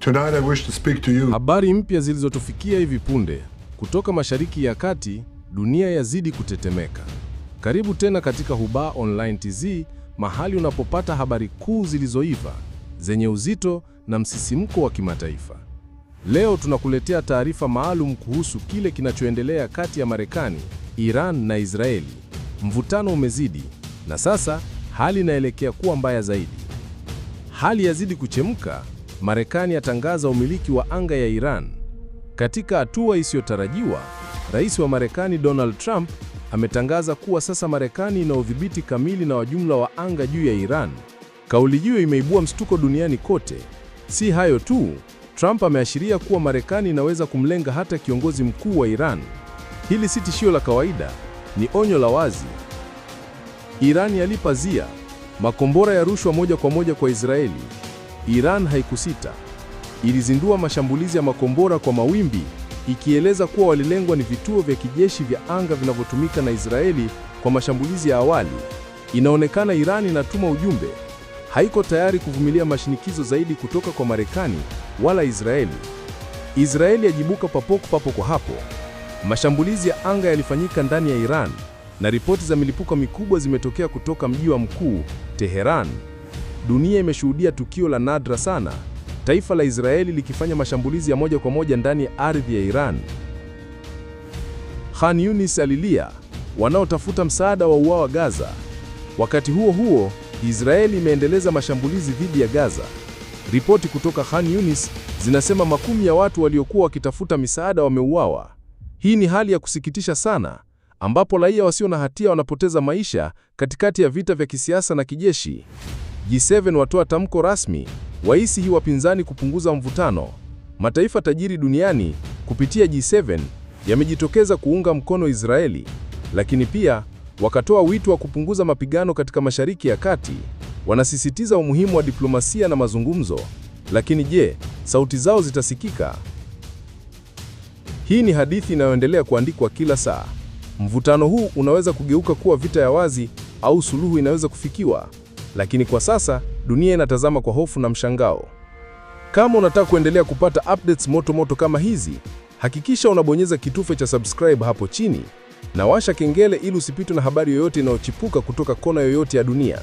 Tonight I wish to speak to you. Habari mpya zilizotufikia hivi punde kutoka Mashariki ya Kati, dunia yazidi kutetemeka. Karibu tena katika Hubaa Online TZ, mahali unapopata habari kuu zilizoiva zenye uzito na msisimko wa kimataifa. Leo tunakuletea taarifa maalum kuhusu kile kinachoendelea kati ya Marekani, Iran na Israeli. Mvutano umezidi na sasa hali inaelekea kuwa mbaya zaidi. Hali yazidi kuchemka Marekani yatangaza umiliki wa anga ya Iran. Katika hatua isiyotarajiwa, Rais wa Marekani Donald Trump ametangaza kuwa sasa Marekani ina udhibiti kamili na wajumla wa anga juu ya Iran. Kauli hiyo imeibua mshtuko duniani kote. Si hayo tu, Trump ameashiria kuwa Marekani inaweza kumlenga hata kiongozi mkuu wa Iran. Hili si tishio la kawaida, ni onyo la wazi. Iran yalipazia makombora ya rushwa moja kwa moja kwa Israeli. Iran haikusita. Ilizindua mashambulizi ya makombora kwa mawimbi, ikieleza kuwa walilengwa ni vituo vya kijeshi vya anga vinavyotumika na Israeli kwa mashambulizi ya awali. Inaonekana Iran inatuma ujumbe, haiko tayari kuvumilia mashinikizo zaidi kutoka kwa Marekani wala Israeli. Israeli yajibuka papoko papo kwa hapo. Mashambulizi ya anga yalifanyika ndani ya Iran na ripoti za milipuko mikubwa zimetokea kutoka mji wa mkuu Teheran dunia imeshuhudia tukio la nadra sana, taifa la Israeli likifanya mashambulizi ya moja kwa moja ndani ya ardhi ya Iran. Khan Yunis alilia, wanaotafuta msaada wa uawa Gaza. Wakati huo huo, Israeli imeendeleza mashambulizi dhidi ya Gaza. Ripoti kutoka Khan Yunis zinasema makumi ya watu waliokuwa wakitafuta misaada wameuawa. Hii ni hali ya kusikitisha sana, ambapo raia wasio na hatia wanapoteza maisha katikati ya vita vya kisiasa na kijeshi. G7 watoa tamko rasmi, waisi hii wapinzani kupunguza mvutano. Mataifa tajiri duniani kupitia G7 yamejitokeza kuunga mkono Israeli, lakini pia wakatoa wito wa kupunguza mapigano katika Mashariki ya Kati. Wanasisitiza umuhimu wa diplomasia na mazungumzo, lakini je, sauti zao zitasikika? Hii ni hadithi inayoendelea kuandikwa kila saa. Mvutano huu unaweza kugeuka kuwa vita ya wazi au suluhu inaweza kufikiwa lakini kwa sasa dunia inatazama kwa hofu na mshangao. Kama unataka kuendelea kupata updates moto moto kama hizi, hakikisha unabonyeza kitufe cha subscribe hapo chini na washa kengele ili usipitwe na habari yoyote inayochipuka kutoka kona yoyote ya dunia.